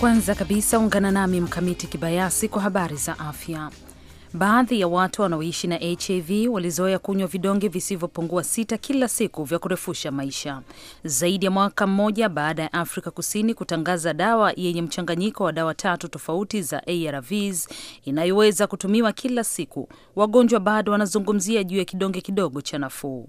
Kwanza kabisa ungana nami Mkamiti Kibayasi kwa habari za afya. Baadhi ya watu wanaoishi na HIV walizoea kunywa vidonge visivyopungua sita kila siku vya kurefusha maisha. Zaidi ya mwaka mmoja baada ya Afrika Kusini kutangaza dawa yenye mchanganyiko wa dawa tatu tofauti za ARVs inayoweza kutumiwa kila siku, wagonjwa bado wanazungumzia juu ya kidonge kidogo cha nafuu.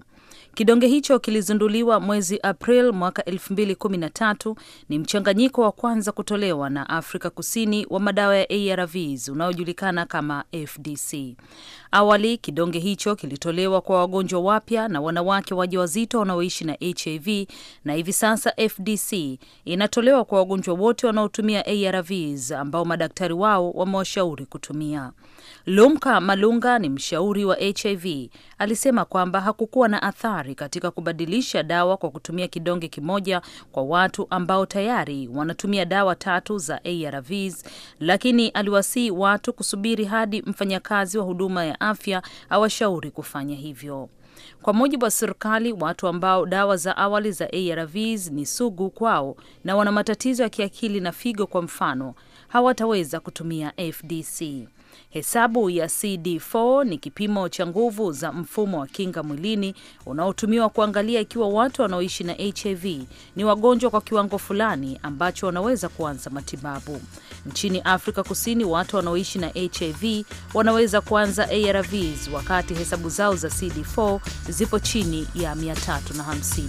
Kidonge hicho kilizunduliwa mwezi April mwaka 2013. Ni mchanganyiko wa kwanza kutolewa na Afrika Kusini wa madawa ya ARVs unaojulikana kama FDC. Awali kidonge hicho kilitolewa kwa wagonjwa wapya na wanawake wajawazito wanaoishi na HIV, na hivi sasa FDC inatolewa kwa wagonjwa wote wanaotumia ARVs ambao madaktari wao wamewashauri kutumia. Lumka Malunga ni mshauri wa HIV alisema kwamba hakukuwa na athari katika kubadilisha dawa kwa kutumia kidonge kimoja kwa watu ambao tayari wanatumia dawa tatu za ARVs, lakini aliwasihi watu kusubiri hadi mfanyakazi wa huduma ya afya awashauri kufanya hivyo. Kwa mujibu wa serikali, watu ambao dawa za awali za ARVs ni sugu kwao na wana matatizo ya kiakili na figo, kwa mfano, hawataweza kutumia FDC. Hesabu ya CD4 ni kipimo cha nguvu za mfumo wa kinga mwilini unaotumiwa kuangalia ikiwa watu wanaoishi na HIV ni wagonjwa kwa kiwango fulani ambacho wanaweza kuanza matibabu. Nchini Afrika Kusini, watu wanaoishi na HIV wanaweza kuanza ARVs wakati hesabu zao za CD4 zipo chini ya 350.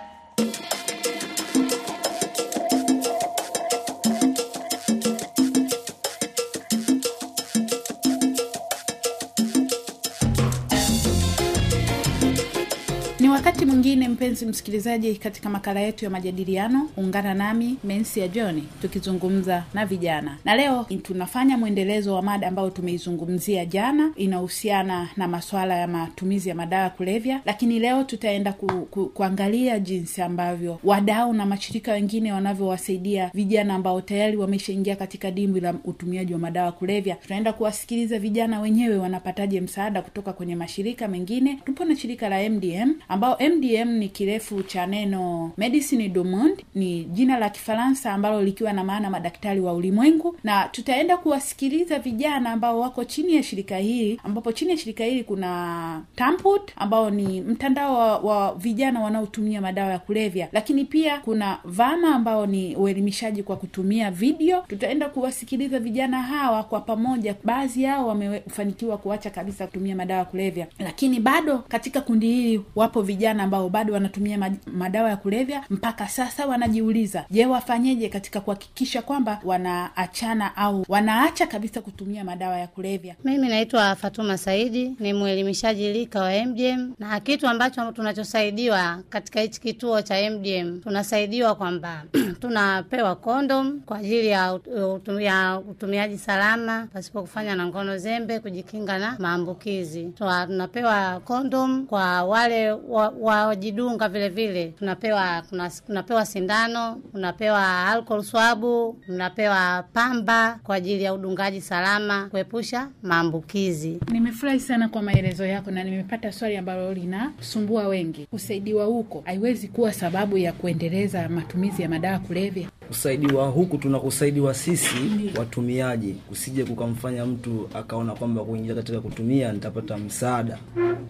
Wakati mwingine, mpenzi msikilizaji, katika makala yetu ya majadiliano, ungana nami Mensi ya John tukizungumza na vijana, na leo tunafanya mwendelezo wa mada ambayo tumeizungumzia jana, inahusiana na masuala ya matumizi ya madawa ya kulevya, lakini leo tutaenda ku, ku, kuangalia jinsi ambavyo wadau na mashirika wengine wanavyowasaidia vijana ambao tayari wameshaingia katika dimbwi la utumiaji wa madawa ya kulevya. Tunaenda kuwasikiliza vijana wenyewe wanapataje msaada kutoka kwenye mashirika mengine. Tupo na shirika la MDM ambao au MDM ni kirefu cha neno medicine du monde, ni jina la Kifaransa ambalo likiwa na maana madaktari wa ulimwengu, na tutaenda kuwasikiliza vijana ambao wako chini ya shirika hili, ambapo chini ya shirika hili kuna Tamput ambao ni mtandao wa, wa vijana wanaotumia madawa ya kulevya, lakini pia kuna Vama ambao ni uelimishaji kwa kutumia video. Tutaenda kuwasikiliza vijana hawa kwa pamoja, baadhi yao wamefanikiwa kuacha kabisa kutumia madawa ya kulevya, lakini bado katika kundi hili wapo vijana vijana ambao bado wanatumia madawa ya kulevya mpaka sasa wanajiuliza, je, wafanyeje katika kuhakikisha kwamba wanaachana au wanaacha kabisa kutumia madawa ya kulevya? Mimi naitwa Fatuma Saidi, ni mwelimishaji lika wa MDM, na kitu ambacho tunachosaidiwa katika hichi kituo cha MDM tunasaidiwa kwamba tunapewa kondom kwa ajili ya utumia, utumiaji salama pasipo kufanya na ngono zembe, kujikinga na maambukizi. Tunapewa kondom kwa wale wa, wajidunga vile vile. Tunapewa kuna, tunapewa sindano, tunapewa alcohol swab, tunapewa pamba kwa ajili ya udungaji salama kuepusha maambukizi. Nimefurahi sana kwa maelezo yako na nimepata swali ambalo linasumbua wengi. Kusaidiwa huko haiwezi kuwa sababu ya kuendeleza matumizi ya madawa kulevya. Kusaidiwa huku tunakusaidiwa sisi watumiaji, kusije kukamfanya mtu akaona kwamba kuingia katika kutumia nitapata msaada,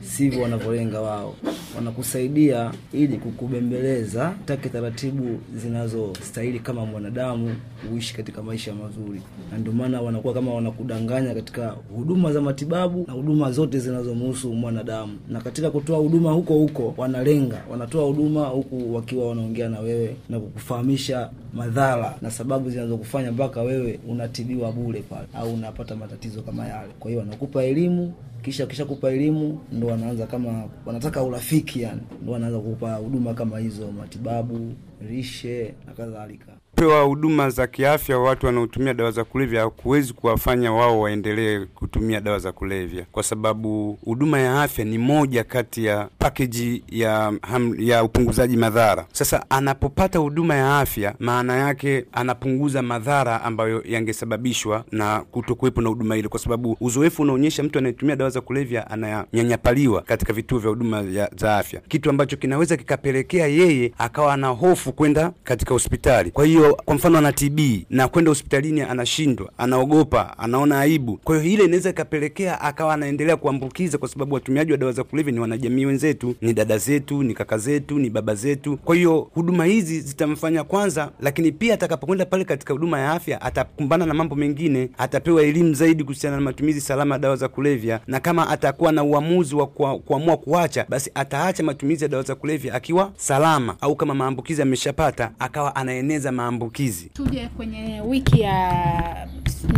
sivyo wanavyolenga wao wana tunakusaidia ili kukubembeleza take taratibu zinazostahili kama mwanadamu uishi katika maisha mazuri, na ndio maana wanakuwa kama wanakudanganya katika huduma za matibabu na huduma zote zinazomhusu mwanadamu. Na katika kutoa huduma huko huko wanalenga, wanatoa huduma huku wakiwa wanaongea na wewe na kukufahamisha madhara na sababu zinazokufanya mpaka wewe unatibiwa bure pale au unapata matatizo kama yale. Kwa hiyo wanakupa elimu kisha kisha kupa elimu ndo wanaanza kama wanataka urafiki, yani ndo wanaanza kupa huduma kama hizo, matibabu, lishe na kadhalika pewa huduma za kiafya watu wanaotumia dawa za kulevya hakuwezi kuwafanya wao waendelee kutumia dawa za kulevya, kwa sababu huduma ya afya ni moja kati ya pakeji ya, ya upunguzaji madhara. Sasa anapopata huduma ya afya, maana yake anapunguza madhara ambayo yangesababishwa na kutokuwepo na huduma ile, kwa sababu uzoefu unaonyesha mtu anayetumia dawa za kulevya ananyanyapaliwa katika vituo vya huduma za afya, kitu ambacho kinaweza kikapelekea yeye akawa na hofu kwenda katika hospitali. Kwa hiyo mgonjwa kwa mfano ana TB na kwenda hospitalini anashindwa, anaogopa, anaona aibu. Kwa hiyo ile inaweza ikapelekea akawa anaendelea kuambukiza, kwa sababu watumiaji wa dawa za kulevya ni wanajamii wenzetu, ni dada zetu, ni kaka zetu, ni baba zetu. Kwa hiyo huduma hizi zitamfanya kwanza, lakini pia atakapokwenda pale katika huduma ya afya atakumbana na mambo mengine, atapewa elimu zaidi kuhusiana na matumizi salama ya dawa za kulevya, na kama atakuwa na uamuzi wa kuamua kuacha, basi ataacha matumizi ya dawa za kulevya akiwa salama, au kama maambukizi ameshapata akawa anaeneza ma maambukizi. Tuje kwenye wiki ya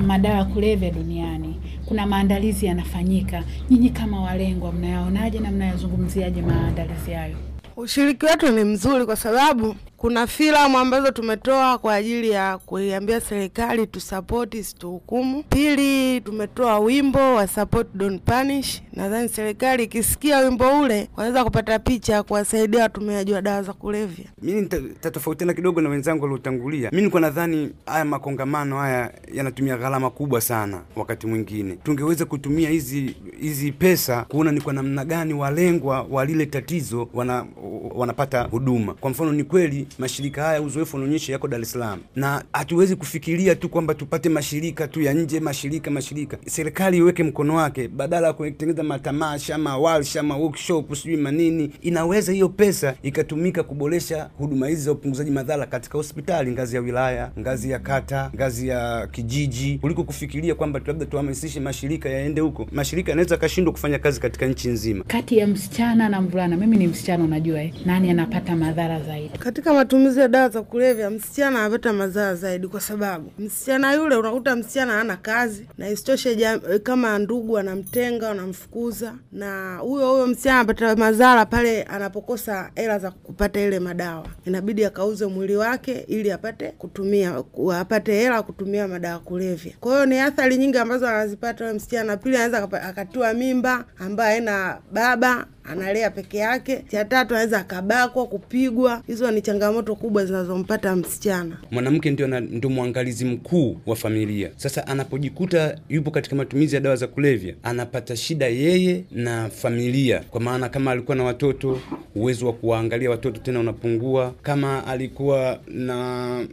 madawa ya kulevya duniani, kuna maandalizi yanafanyika. Nyinyi kama walengwa, mnayaonaje na mnayazungumziaje maandalizi hayo? Ushiriki wetu ni mzuri kwa sababu kuna filamu ambazo tumetoa kwa ajili ya kuiambia serikali tusapoti situhukumu Pili, tumetoa wimbo wa support don't punish. Nadhani serikali ikisikia wimbo ule wanaweza kupata picha kuwasaidia watumiaji wa dawa za kulevya. Mimi nitatofautiana kidogo na wenzangu waliotangulia. Mimi nilikuwa nadhani haya makongamano haya yanatumia gharama kubwa sana, wakati mwingine tungeweza kutumia hizi hizi pesa kuona ni kwa namna gani walengwa wa lile tatizo wana, wanapata huduma. Kwa mfano, ni kweli mashirika haya, uzoefu unaonyesha yako Dar es Salaam, na hatuwezi kufikiria tu kwamba tupate mashirika tu ya nje, mashirika mashirika. Serikali iweke mkono wake, badala ya kutengeneza matamasha, warsha ama workshop, sijui manini. Inaweza hiyo pesa ikatumika kuboresha huduma hizi za upunguzaji madhara katika hospitali, ngazi ya wilaya, ngazi ya kata, ngazi ya kijiji, kuliko kufikiria kwamba labda tuhamasishe mashirika yaende huko. Mashirika yanaweza akashindwa kufanya kazi katika nchi nzima. Kati ya msichana na mvulana, mimi ni msichana, unajua eh, nani anapata madhara zaidi katika matumizi ya dawa za kulevya, msichana anapata madhara zaidi, kwa sababu msichana yule unakuta msichana hana kazi, na isitoshe eh, kama ndugu anamtenga, anamfukuza, na huyo huyo msichana anapata madhara pale anapokosa hela za kupata ile madawa, inabidi akauze mwili wake ili apate kutumia, apate hela kutumia madawa kulevya. Kwa hiyo ni athari nyingi ambazo anazipata huyo msichana. Pili, anaweza akatiwa mimba ambayo haina baba analea peke yake. Cha tatu anaweza akabakwa, kupigwa. Hizo ni changamoto kubwa zinazompata msichana. Mwanamke ndio ndio mwangalizi mkuu wa familia. Sasa anapojikuta yupo katika matumizi ya dawa za kulevya, anapata shida yeye na familia, kwa maana kama alikuwa na watoto, uwezo wa kuwaangalia watoto tena unapungua. Kama alikuwa na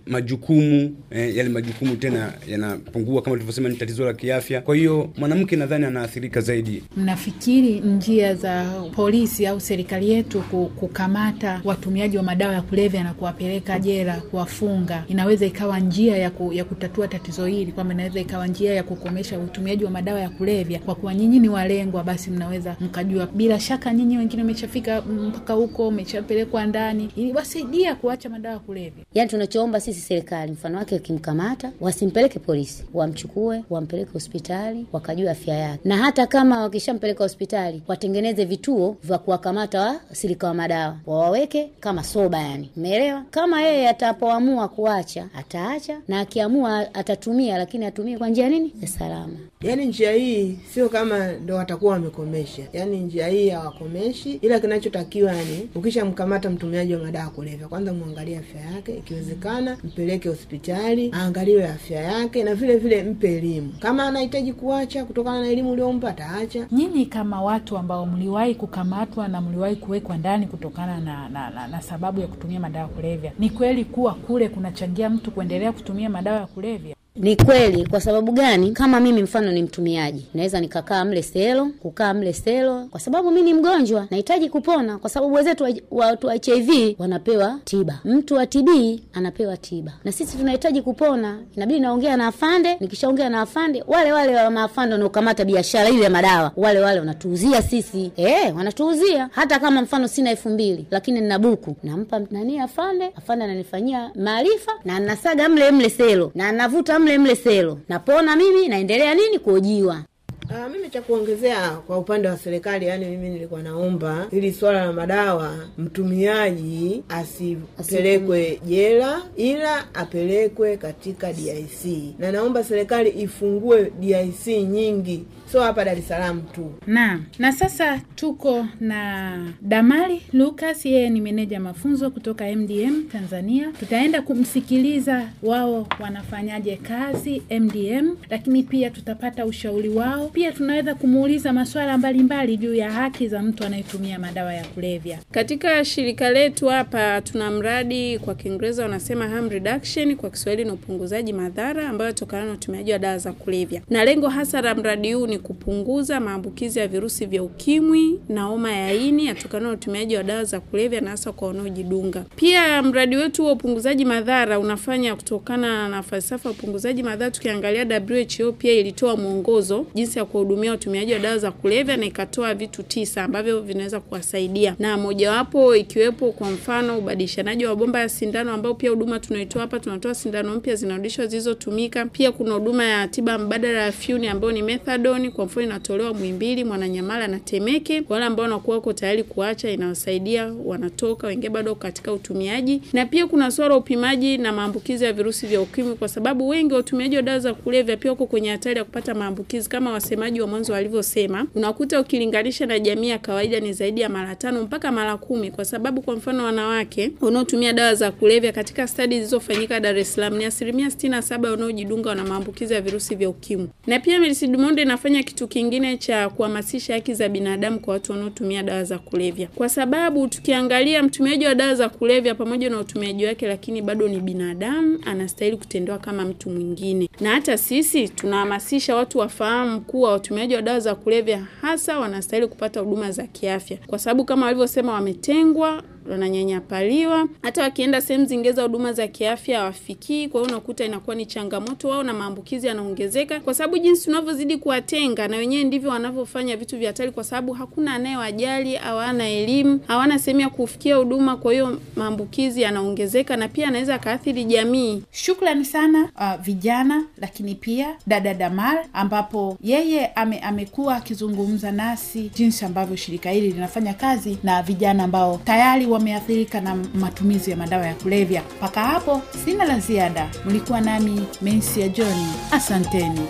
majukumu eh, yale majukumu tena yanapungua, kama tulivyosema ni tatizo la kiafya. Kwa hiyo mwanamke nadhani anaathirika zaidi. Mnafikiri njia za polisi au serikali yetu kukamata watumiaji wa madawa ya kulevya na kuwapeleka jela, kuwafunga, inaweza ikawa njia ya, ku, ya kutatua tatizo hili, kwamba inaweza ikawa njia ya kukomesha utumiaji wa madawa ya kulevya. Kwa kuwa nyinyi ni walengwa, basi mnaweza mkajua. Bila shaka nyinyi wengine umeshafika mpaka huko, umeshapelekwa ndani, ili wasaidia kuacha madawa ya kulevya. Yani tunachoomba sisi serikali, mfano wake, wakimkamata wasimpeleke polisi, wamchukue wampeleke hospitali, wakajua afya yake, na hata kama wakishampeleka hospitali watengeneze vituo vya kuwakamata wasilika wa madawa wawaweke kama soba, yani umeelewa? Kama yeye atapoamua kuacha ataacha, na akiamua atatumia, lakini atumie kwa njia nini ya salama. Yani njia hii sio kama ndo watakuwa wamekomesha, yani njia hii hawakomeshi, ila kinachotakiwa ni ukishamkamata mtumiaji wa madawa kulevya, kwanza mwangalie afya yake, ikiwezekana mpeleke hospitali aangaliwe afya yake, na vile vile mpe elimu. Kama anahitaji kuacha kutokana na elimu uliompa ataacha. Nyinyi kama watu ambao mliwahi kuka kukamatwa na mliwahi kuwekwa ndani kutokana na, na, na, na sababu ya kutumia madawa ya kulevya. Ni kweli kuwa kule kunachangia mtu kuendelea kutumia madawa ya kulevya? Ni kweli. Kwa sababu gani? Kama mimi mfano ni mtumiaji, naweza nikakaa mle selo, kukaa mle selo, kwa sababu mi ni mgonjwa, nahitaji kupona, kwa sababu wenzetu watu wa HIV wanapewa tiba, mtu wa TB anapewa tiba, na sisi tunahitaji kupona. Inabidi naongea na afande, nikishaongea na afande, wale wale wa maafande wanaokamata biashara ile ya madawa, wale wale wanatuuzia sisi e, wanatuuzia. Hata kama mfano sina elfu mbili lakini nina buku, nampa nani afande, afande ananifanyia maarifa na nasaga mle mle selo na navuta mle mle mle selo. Napona mimi naendelea nini kuojiwa. Uh, mimi cha kuongezea kwa upande wa serikali, yani mimi nilikuwa naomba ili swala la madawa mtumiaji asipelekwe jela, ila apelekwe katika DIC, na naomba serikali ifungue DIC nyingi so hapa Dar es Salaam tu. Naam, na sasa tuko na Damari Lucas, yeye ni meneja mafunzo kutoka MDM Tanzania. Tutaenda kumsikiliza wao wanafanyaje kazi MDM, lakini pia tutapata ushauri wao. Pia tunaweza kumuuliza masuala mbalimbali juu ya haki za mtu anayetumia madawa ya kulevya. Katika shirika letu hapa tuna mradi, kwa Kiingereza wanasema harm reduction, kwa Kiswahili ni upunguzaji madhara ambayo tokana na utumiaji wa dawa za kulevya, na lengo hasa la mradi huu ni kupunguza maambukizi ya virusi vya ukimwi na homa ya ini yatokana na utumiaji wa dawa za kulevya na hasa kwa wanaojidunga. Pia mradi wetu wa upunguzaji madhara unafanya kutokana na falsafa ya upunguzaji madhara. Tukiangalia WHO pia ilitoa mwongozo jinsi ya kuwahudumia watumiaji wa dawa za kulevya na ikatoa vitu tisa ambavyo vinaweza kuwasaidia, na mojawapo ikiwepo kwa mfano ubadilishanaji wa bomba ya sindano, ambao pia huduma tunaitoa hapa. Tunatoa sindano mpya zinarudishwa zilizotumika. Pia kuna huduma ya tiba mbadala ya fyuni ambayo ni methadone mjini. Kwa mfano inatolewa Muhimbili, Mwananyamala na Temeke. wale ambao wanakuwa wako tayari kuacha, inawasaidia wanatoka, wengine bado katika utumiaji. Na pia kuna swala upimaji na maambukizi ya virusi vya ukimwi, kwa sababu wengi watumiaji wa dawa za kulevya pia wako kwenye hatari ya kupata maambukizi kama wasemaji wa mwanzo walivyosema. Unakuta ukilinganisha na jamii ya kawaida ni zaidi ya mara tano mpaka mara kumi, kwa sababu kwa mfano wanawake wanaotumia dawa za kulevya katika stadi zilizofanyika Dar es Salaam ni asilimia sitini na wanaojidunga wana maambukizi ya virusi vya ukimwi. Na pia Melissa Dumonde inafanya kufanya kitu kingine cha kuhamasisha haki za binadamu kwa watu wanaotumia dawa za kulevya, kwa sababu tukiangalia mtumiaji wa dawa za kulevya pamoja na utumiaji wake, lakini bado ni binadamu, anastahili kutendewa kama mtu mwingine. Na hata sisi tunahamasisha watu wafahamu kuwa watumiaji wa dawa za kulevya hasa wanastahili kupata huduma za kiafya, kwa sababu kama walivyosema, wametengwa, wananyanyapaliwa, hata wakienda sehemu zingine za huduma za kiafya hawafikii. Kwa hiyo unakuta inakuwa ni changamoto wao, na maambukizi yanaongezeka, kwa sababu jinsi unavyozidi kuwatenga, na wenyewe ndivyo wanavyofanya vitu vya hatari, kwa sababu hakuna anayewajali, hawana elimu, hawana sehemu ya kufikia huduma. Kwa hiyo maambukizi yanaongezeka, na pia anaweza akaathiri jamii. Shukrani sana uh, vijana, lakini pia dada Damar, ambapo yeye ame, amekuwa akizungumza nasi jinsi ambavyo shirika hili linafanya kazi na vijana ambao tayari wameathirika na matumizi ya madawa ya kulevya. Mpaka hapo sina la ziada. Mlikuwa nami Mensi ya Johni, asanteni.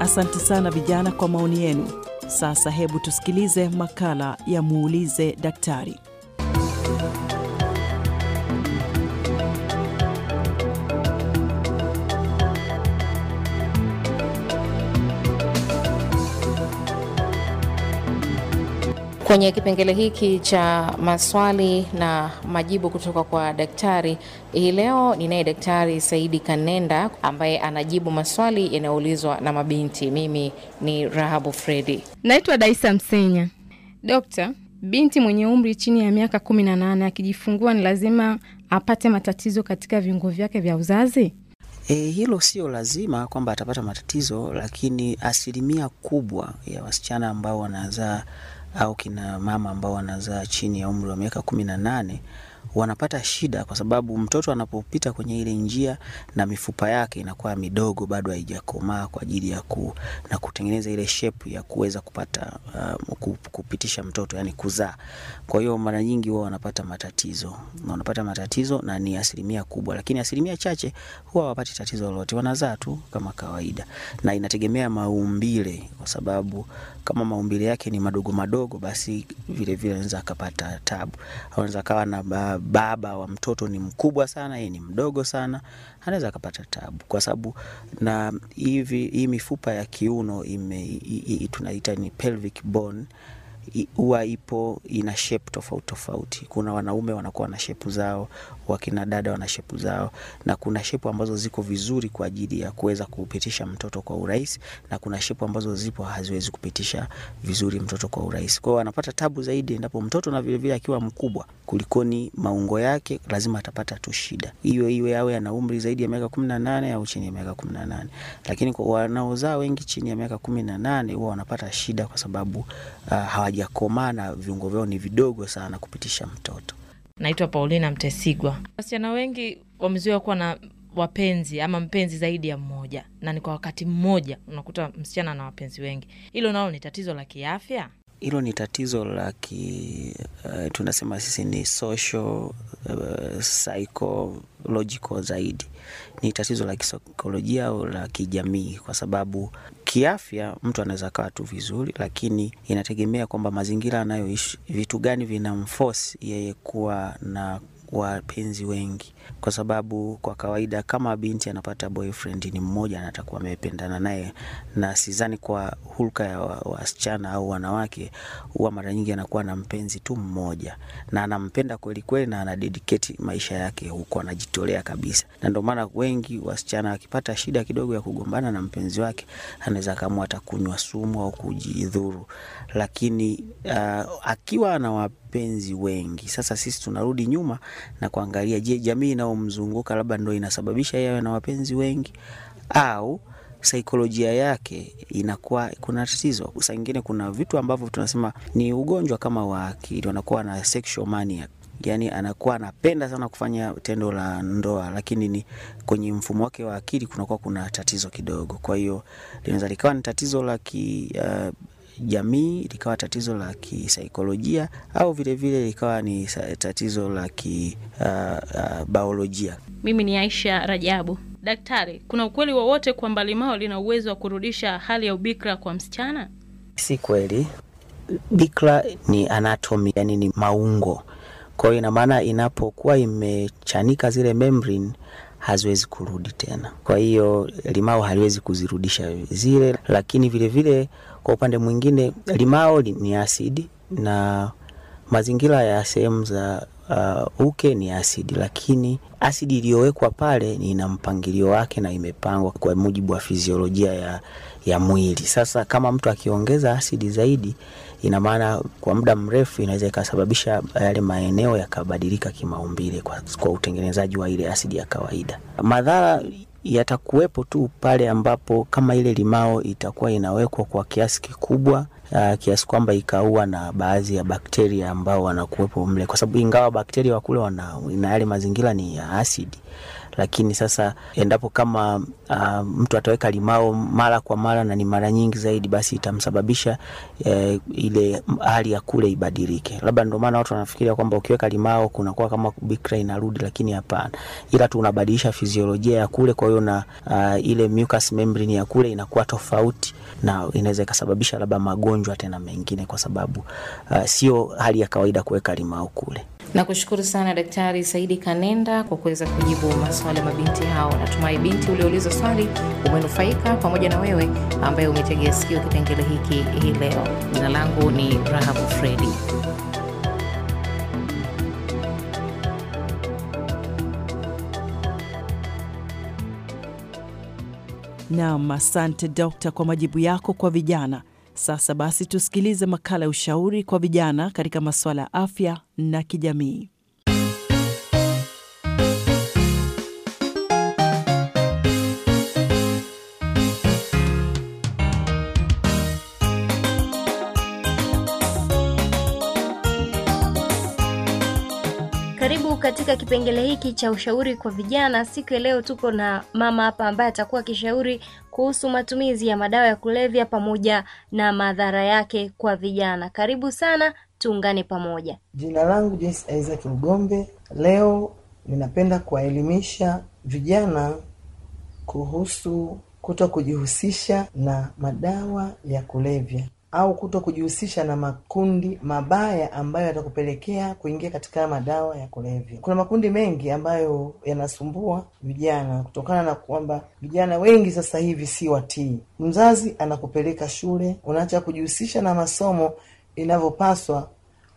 Asante sana vijana kwa maoni yenu. Sasa hebu tusikilize makala ya muulize daktari. Kwenye kipengele hiki cha maswali na majibu kutoka kwa daktari, hii leo ninaye Daktari Saidi Kanenda ambaye anajibu maswali yanayoulizwa na mabinti. Mimi ni Rahabu Fredi. Naitwa Daisa Msenya. Dokta, binti mwenye umri chini ya miaka kumi na nane akijifungua ni lazima apate matatizo katika viungo vyake vya uzazi? E, hilo sio lazima kwamba atapata matatizo, lakini asilimia kubwa ya wasichana ambao wanazaa au kina mama ambao wanazaa chini ya umri wa miaka kumi na nane wanapata shida kwa sababu mtoto anapopita kwenye ile njia na mifupa yake inakuwa midogo, bado haijakomaa kwa ajili ya ku, na kutengeneza ile shape ya kuweza kupata uh, kupitisha mtoto yani kuzaa. Kwa hiyo mara nyingi wao wanapata matatizo na wanapata matatizo na ni asilimia kubwa, lakini asilimia chache huwa hawapati tatizo lolote, wanazaa tu kama kawaida, na inategemea maumbile, kwa sababu kama maumbile yake ni madogo madogo, basi vile vile anaweza akapata tabu, anaweza akawa na baba wa mtoto ni mkubwa sana, yeye ni mdogo sana, anaweza akapata tabu, kwa sababu na hivi hii mifupa ya kiuno ime, tunaita ni pelvic bone huwa ipo ina shape tofauti tofauti. Kuna wanaume wanakuwa na shepu zao, wakina dada wana shepu zao, na kuna shepu ambazo ziko vizuri kwa ajili ya kuweza kupitisha mtoto kwa urahisi, na kuna shepu ambazo zipo haziwezi kupitisha vizuri mtoto kwa urahisi. Kwa hiyo anapata tabu zaidi endapo mtoto na vile vile akiwa mkubwa kulikoni maungo yake, lazima atapata tu shida hiyo, iwe awe ana umri zaidi ya miaka 18 au chini ya miaka 18. Lakini kwa wanaozaa wengi chini ya miaka 18 huwa wanapata shida kwa sababu uh, ah, hawa hawajakomaa na viungo vyao ni vidogo sana kupitisha mtoto. Naitwa Paulina Mtesigwa. Wasichana wengi wamezoea kuwa na wapenzi ama mpenzi zaidi ya mmoja, na ni kwa wakati mmoja unakuta msichana na wapenzi wengi. Hilo nalo ni tatizo la kiafya hilo ni tatizo la ki uh, tunasema sisi ni social uh, psychological zaidi, ni tatizo la kisaikolojia au la kijamii, kwa sababu kiafya mtu anaweza kaa tu vizuri, lakini inategemea kwamba mazingira anayoishi, vitu gani vinamfosi yeye kuwa na wapenzi wengi, kwa sababu kwa kawaida kama binti anapata boyfriend ni mmoja na atakuwa amependana naye, na sidhani kwa hulka ya wasichana wa au wanawake huwa mara nyingi anakuwa na mpenzi tu mmoja, na anampenda kweli kweli, na ana dedicate maisha yake huko, anajitolea kabisa, na ndio maana wengi wasichana akipata shida kidogo ya kugombana na mpenzi wake anaweza akaamua atakunywa sumu au kujidhuru, lakini uh, akiwa ana wapenzi wengi, sasa sisi tunarudi nyuma na kuangalia, je, jamii inayomzunguka labda ndio inasababisha yawe na wapenzi wengi au saikolojia yake inakuwa kuna tatizo. Saa ingine kuna vitu ambavyo tunasema ni ugonjwa kama wa akili, anakuwa na sexual mania, yani anakuwa anapenda sana kufanya tendo la ndoa, lakini ni kwenye mfumo wake wa akili kunakuwa kuna tatizo kidogo. Kwa hiyo linaweza likawa ni tatizo la ki, uh, jamii, likawa tatizo la kisaikolojia au vilevile likawa ni tatizo la kibiolojia. Uh, uh, mimi ni Aisha Rajabu. Daktari, kuna ukweli wowote kwamba limao lina uwezo wa kurudisha hali ya ubikra kwa msichana? Si kweli. Bikra ni anatomi, yani ni maungo. Kwa hiyo ina maana inapokuwa imechanika zile membrane haziwezi kurudi tena. Kwa hiyo limao haliwezi kuzirudisha zile, lakini vilevile kwa upande mwingine, limao ni asidi na mazingira ya sehemu za uh, uke ni asidi, lakini asidi iliyowekwa pale ina mpangilio wake na imepangwa kwa mujibu wa fiziolojia ya, ya mwili. Sasa kama mtu akiongeza asidi zaidi, ina maana kwa muda mrefu inaweza ikasababisha yale maeneo yakabadilika kimaumbile kwa, kwa utengenezaji wa ile asidi ya kawaida. Madhara yatakuwepo tu pale ambapo kama ile limao itakuwa inawekwa kwa kiasi kikubwa Uh, kiasi kwamba ikaua na baadhi ya bakteria ambao wanakuwepo mle, kwa sababu ingawa bakteria wa kule wana na yale mazingira ni ya asidi lakini sasa endapo kama uh, mtu ataweka limao mara kwa mara na ni mara nyingi zaidi, basi itamsababisha uh, ile hali ya kule ibadilike. Labda ndio maana watu wanafikiria kwamba ukiweka limao kunakuwa kama bikra inarudi, lakini hapana, ila tu unabadilisha fiziolojia ya kule. Kwa hiyo na uh, ile mucus membrane ya kule inakuwa tofauti na inaweza ikasababisha labda magonjwa tena mengine, kwa sababu uh, sio hali ya kawaida kuweka limao kule na kushukuru sana Daktari Saidi Kanenda kwa kuweza kujibu maswali ya mabinti hao. Natumai binti uliouliza swali umenufaika pamoja na wewe ambaye umetegea sikio kipengele hiki hii leo. Jina langu ni Rahabu Fredi. Naam, asante dokta kwa majibu yako kwa vijana. Sasa basi tusikilize makala ya ushauri kwa vijana katika masuala ya afya na kijamii. katika kipengele hiki cha ushauri kwa vijana, siku ya leo tuko na mama hapa ambaye atakuwa akishauri kuhusu matumizi ya madawa ya kulevya pamoja na madhara yake kwa vijana. Karibu sana, tuungane pamoja. Jina langu Joyce Isaac Ugombe. Leo ninapenda kuwaelimisha vijana kuhusu kuto kujihusisha na madawa ya kulevya au kuto kujihusisha na makundi mabaya ambayo yatakupelekea kuingia katika madawa ya kulevya. Kuna makundi mengi ambayo yanasumbua vijana kutokana na kwamba vijana wengi sasa hivi si watii. Mzazi anakupeleka shule, unaacha kujihusisha na masomo inavyopaswa,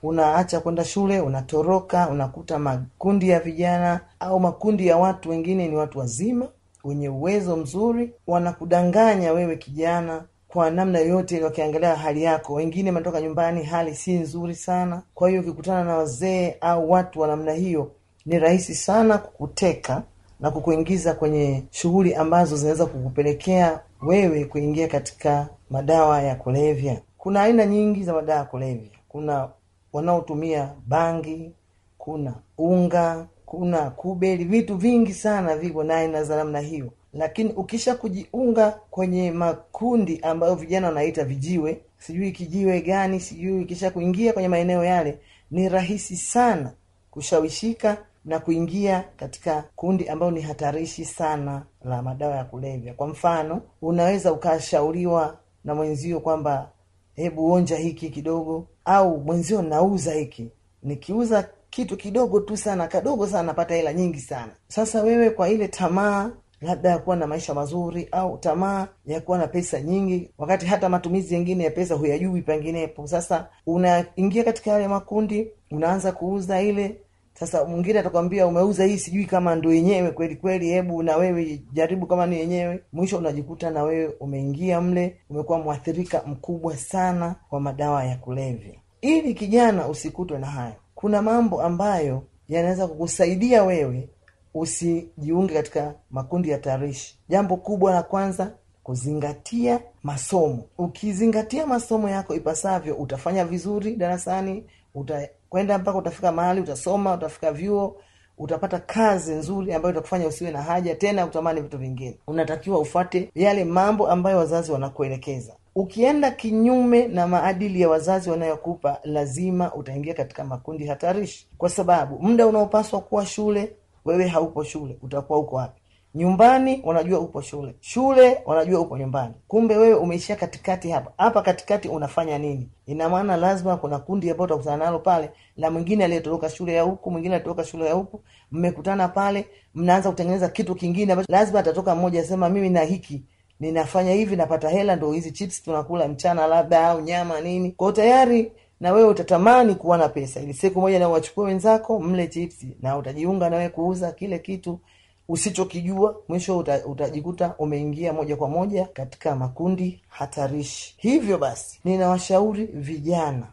unaacha kwenda shule, unatoroka, unakuta makundi ya vijana au makundi ya watu wengine, ni watu wazima wenye uwezo mzuri, wanakudanganya wewe kijana kwa namna yoyote wakiangalia hali yako. Wengine wanatoka nyumbani, hali si nzuri sana. Kwa hiyo ukikutana na wazee au watu wa namna hiyo, ni rahisi sana kukuteka na kukuingiza kwenye shughuli ambazo zinaweza kukupelekea wewe kuingia katika madawa ya kulevya. Kuna aina nyingi za madawa ya kulevya. Kuna wanaotumia bangi, kuna unga, kuna kubeli, vitu vingi sana vivo na aina za namna hiyo lakini ukisha kujiunga kwenye makundi ambayo vijana wanaita vijiwe sijui kijiwe gani sijui kisha kuingia kwenye maeneo yale ni rahisi sana kushawishika na kuingia katika kundi ambayo ni hatarishi sana la madawa ya kulevya kwa mfano unaweza ukashauriwa na mwenzio kwamba hebu onja hiki kidogo au mwenzio nauza hiki nikiuza kitu kidogo tu sana kadogo sana napata hela nyingi sana sasa wewe kwa ile tamaa labda ya kuwa na maisha mazuri au tamaa ya kuwa na pesa nyingi, wakati hata matumizi yengine ya pesa huyajui penginepo. Sasa unaingia katika yale makundi, unaanza kuuza ile sasa mwingine atakwambia umeuza hii, sijui kama ndo yenyewe kweli kweli, hebu na wewe jaribu kama ni yenyewe. Mwisho unajikuta na wewe umeingia mle, umekuwa mwathirika mkubwa sana wa madawa ya kulevya. Ili kijana usikutwe na hayo, kuna mambo ambayo yanaweza kukusaidia wewe usijiunge katika makundi ya tarishi. Jambo kubwa la kwanza kuzingatia masomo. Ukizingatia masomo yako ipasavyo, utafanya vizuri darasani, utakwenda mpaka utafika mahali utasoma, utafika vyuo, utapata kazi nzuri ambayo itakufanya usiwe na haja tena utamani vitu vingine. Unatakiwa ufate yale mambo ambayo wazazi wanakuelekeza. Ukienda kinyume na maadili ya wazazi wanayokupa, lazima utaingia katika makundi hatarishi, kwa sababu muda unaopaswa kuwa shule wewe haupo shule, utakuwa uko wapi? Nyumbani wanajua upo shule, shule wanajua upo nyumbani, kumbe wewe umeishia katikati hapa hapa. Katikati unafanya nini? Ina maana lazima kuna kundi ambao utakutana nalo pale, na mwingine aliyetoroka shule ya huku, mwingine alitoroka shule ya huku, mmekutana pale, mnaanza kutengeneza kitu kingine ambacho lazima atatoka mmoja asema, mimi na hiki ninafanya hivi, napata hela, ndo hizi chips tunakula mchana, labda au nyama nini, kwao tayari na wewe utatamani kuwa na pesa ili siku moja na wachukue wenzako mle chipsi na utajiunga nawe kuuza kile kitu usichokijua mwisho uta, utajikuta umeingia moja kwa moja katika makundi hatarishi hivyo basi ninawashauri vijana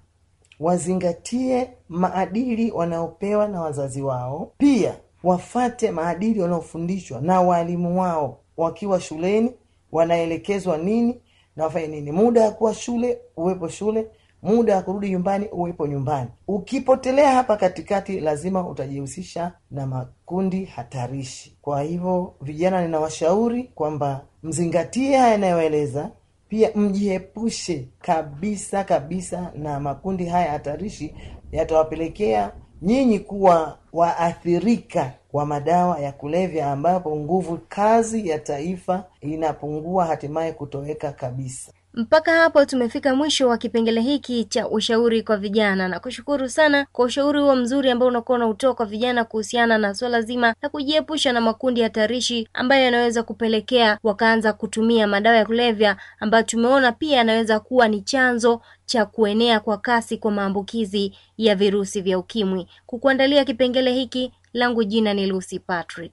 wazingatie maadili wanaopewa na wazazi wao pia wafate maadili wanaofundishwa na waalimu wao wakiwa shuleni wanaelekezwa nini na wafanye nini muda ya kuwa shule uwepo shule muda wa kurudi nyumbani uwepo nyumbani. Ukipotelea hapa katikati, lazima utajihusisha na makundi hatarishi. Kwa hivyo, vijana, ninawashauri kwamba mzingatie haya yanayoeleza, pia mjihepushe kabisa kabisa na makundi haya hatarishi, yatawapelekea nyinyi kuwa waathirika wa madawa ya kulevya, ambapo nguvu kazi ya taifa inapungua, hatimaye kutoweka kabisa. Mpaka hapo tumefika mwisho wa kipengele hiki cha ushauri kwa vijana, na kushukuru sana kwa ushauri huo mzuri ambao unakuwa unautoa kwa vijana kuhusiana na swala zima la kujiepusha na makundi hatarishi ambayo yanaweza kupelekea wakaanza kutumia madawa ya kulevya, ambayo tumeona pia yanaweza kuwa ni chanzo cha kuenea kwa kasi kwa maambukizi ya virusi vya ukimwi. Kukuandalia kipengele hiki langu jina ni Lucy Patrick.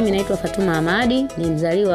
mimi naitwa Fatuma amadi ni mzaliwa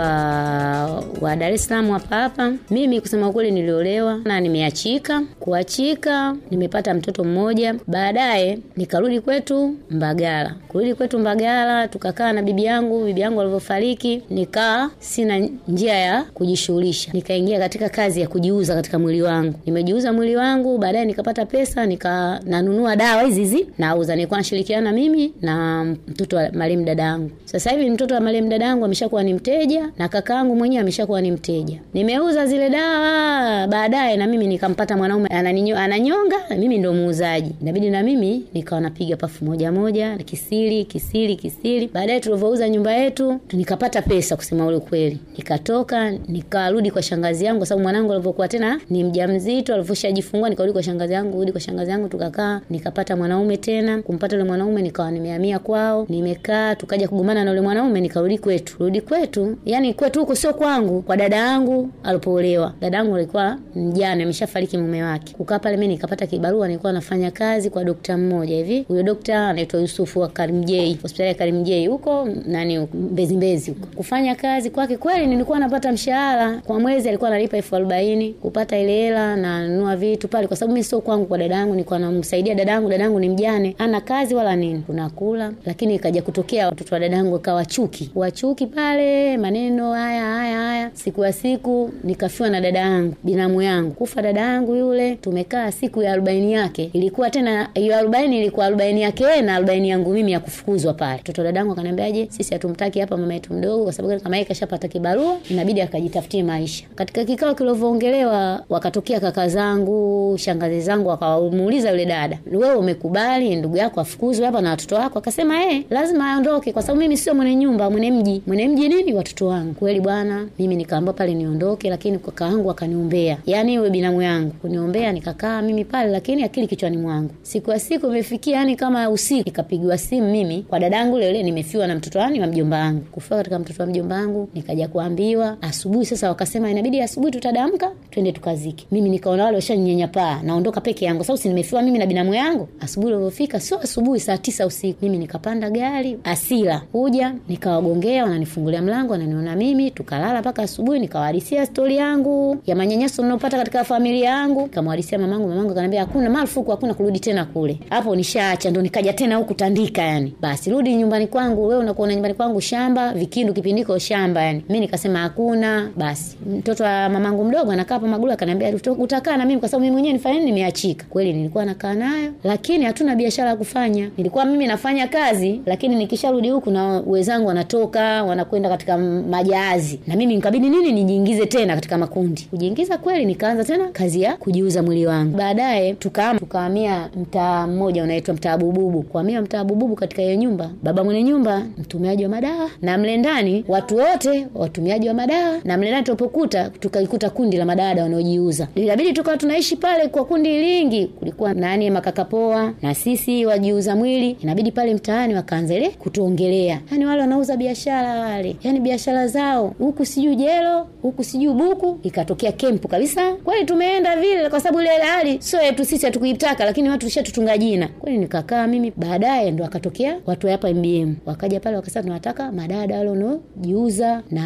wa Dar es Salaam hapa hapa. Mimi kusema ukweli niliolewa na nimeachika. Kuachika nimepata mtoto mmoja, baadaye nikarudi kwetu Mbagala. Kurudi kwetu Mbagala tukakaa na bibi yangu, bibi yangu alivyofariki nikaa sina njia ya kujishughulisha, nikaingia katika kazi ya kujiuza katika mwili wangu. Nimejiuza mwili wangu, baadaye nikapata pesa, nika nanunua dawa hizi hizi nauza. Nilikuwa nashirikiana mimi na mtoto wa marehemu dada yangu, sasa hivi mtoto wa marehemu dadangu ameshakuwa ni mteja na kakaangu mwenyewe ameshakuwa ni mteja. Nimeuza zile dawa baadaye, na mimi nikampata mwanaume ananyo, ananyonga, na mimi ndo muuzaji, inabidi na mimi nikawa napiga pafu moja moja kisiri kisiri kisiri. Baadaye tulivyouza nyumba yetu nikapata pesa, kusema ule kweli, nikatoka nikarudi kwa shangazi yangu, kwa sababu mwanangu alivyokuwa tena ni mjamzito, alivyoshajifungua nikarudi kwa shangazi yangu, rudi kwa shangazi yangu, tukakaa nikapata mwanaume tena. Kumpata ule mwanaume nikawa nimehamia kwao, nimekaa tukaja kugombana na ule mwanaume mwanaume nikarudi kwetu. Rudi kwetu, yani kwetu huko sio kwangu, kwa dada yangu alipoolewa. Dada yangu alikuwa mjane, ameshafariki mume wake. Kukaa pale mi nikapata kibarua, nilikuwa nafanya kazi kwa dokta mmoja hivi. Huyo dokta anaitwa Yusufu wa Karimjei, hospitali ya Karimjei huko nani mbezimbezi huko. Kufanya kazi kwake kweli nilikuwa napata mshahara. Kwa mwezi alikuwa analipa elfu arobaini. Kupata ile hela nanunua vitu pale kwa sababu mi sio kwangu, kwa dada yangu nilikuwa namsaidia dada yangu. Dada yangu ni mjane, ana kazi wala nini. kunakula lakini ikaja kutokea watoto wa dada yangu akawa wachuki wachuki pale maneno haya haya haya. Siku ya siku nikafiwa na dada yangu binamu yangu, kufa dada yangu yule. Tumekaa siku ya arobaini yake, ilikuwa tena hiyo arobaini ilikuwa arobaini yake na arobaini yangu mimi ya kufukuzwa pale. Mtoto yangu akaniambiaje, sisi hatumtaki hapa mama yetu mdogo, kwa sababu kama yeye kashapata kibarua inabidi akajitafutie maisha. Katika kikao kilivyoongelewa, wakatokea kaka zangu, shangazi zangu, wakawamuuliza yule dada, wewe umekubali ndugu yako afukuzwe hapa na watoto wako? Akasema eh, lazima aondoke kwa sababu mimi sio mwenye nyumba, mwenye mji, mwenye mji nini, watoto wangu. Kweli bwana, mimi nikaamba pale niondoke, lakini kaka wangu akaniombea, yani yule binamu yangu kuniombea, nikakaa mimi pale, lakini akili kichwani mwangu. Siku ya siku imefikia, yani kama usiku, nikapigiwa simu mimi kwa dadangu yule yule, nimefiwa na mtoto wani wa mjomba wangu, kufika katika mtoto wa mjomba wangu, nikaja kuambiwa asubuhi. Sasa wakasema inabidi asubuhi tutadamka, twende tukazike. Mimi nikaona wale paa naondoka peke yangu, sababu si nimefiwa mimi na binamu yangu. Asubuhi ulivyofika, sio asubuhi, saa tisa usiku, mimi nikapanda gari asila kuja nikawagongea, wananifungulia mlango, wananiona mimi, tukalala mpaka asubuhi. Nikawahadisia stori yangu ya manyanyaso ninayopata katika familia yangu, nikamhadisia mamangu. Mamangu akaniambia hakuna marufuku, hakuna kurudi tena kule, hapo nishaacha, ndo nikaja tena huku Tandika. Yani basi rudi nyumbani kwangu, wewe unakuona nyumbani kwangu shamba Vikindu, kipindiko shamba. Yani mi nikasema hakuna. Basi mtoto wa mamangu mdogo anakaa pa Magulu akaniambia utakaa na mimi kwa sababu mii mwenyewe nifanye nini, nimeachika. Kweli nilikuwa nakaa nayo, lakini hatuna biashara ya kufanya. Nilikuwa mimi nafanya kazi, lakini nikisharudi huku na uweza wenzangu wanatoka wanakwenda katika majahazi, na mimi nkabidi nini nijiingize tena katika makundi. Kujiingiza kweli, nikaanza tena kazi ya kujiuza mwili wangu. Baadaye tukaama tukaamia mtaa mmoja unaitwa mtaa Bububu. kuamia mtaa Bububu, katika hiyo nyumba, baba mwenye nyumba mtumiaji wa madawa, na mle ndani watu wote watumiaji wa madawa, na mle ndani tulipokuta tukaikuta kundi la madada wanaojiuza. Ilabidi tukawa tunaishi pale kwa kundi lingi, kulikuwa nani makakapoa na sisi wajiuza mwili, inabidi pale mtaani wakaanza ile kutuongelea, yani wale wanauza biashara wale, yani biashara zao huku sijui jelo huku sijui buku, ikatokea kempu kabisa. Kweli tumeenda vile, kwa sababu ile hali sio yetu sisi, hatukuitaka lakini watu tutunga jina. Kweli nikakaa mimi, baadaye ndo akatokea watu hapa MBM wakaja pale wakasema, tunataka madada wale wanaojiuza na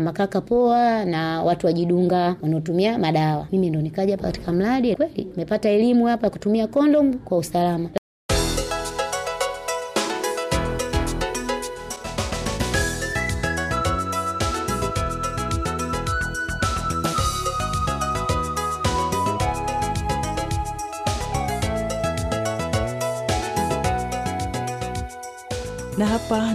makaka poa na watu wajidunga wanaotumia madawa. Mimi ndo nikaja hapa katika mradi, kweli nimepata elimu hapa kutumia kondom kwa usalama.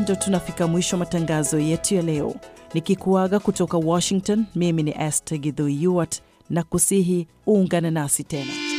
ndo tunafika mwisho matangazo yetu ya leo, nikikuaga kutoka Washington. Mimi ni este Gidho na kusihi uungane nasi tena.